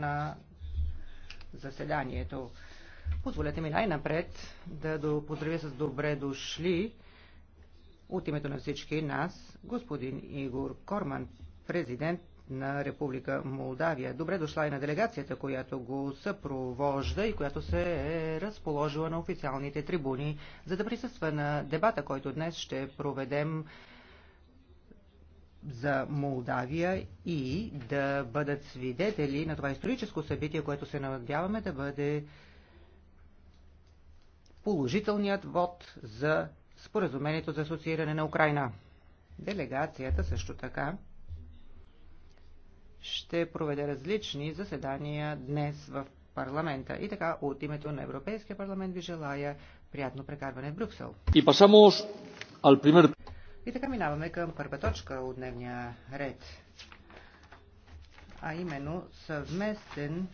на заседанието. Позволете ми най-напред да поздравя с добре дошли от името на всички нас господин Игор Корман, президент на Република Молдавия. Добре дошла и на делегацията, която го съпровожда и която се е разположила на официалните трибуни, за да присъства на дебата, който днес ще проведем за Молдавия и да бъдат свидетели на това историческо събитие, което се надяваме да бъде положителният вод за споразумението за асоцииране на Украина. Делегацията също така ще проведе различни заседания днес в парламента. И така, от името на Европейския парламент ви желая приятно прекарване в Брюксел. И пасамо al primer... И така минаваме към първа точка от дневния ред, а именно съвместен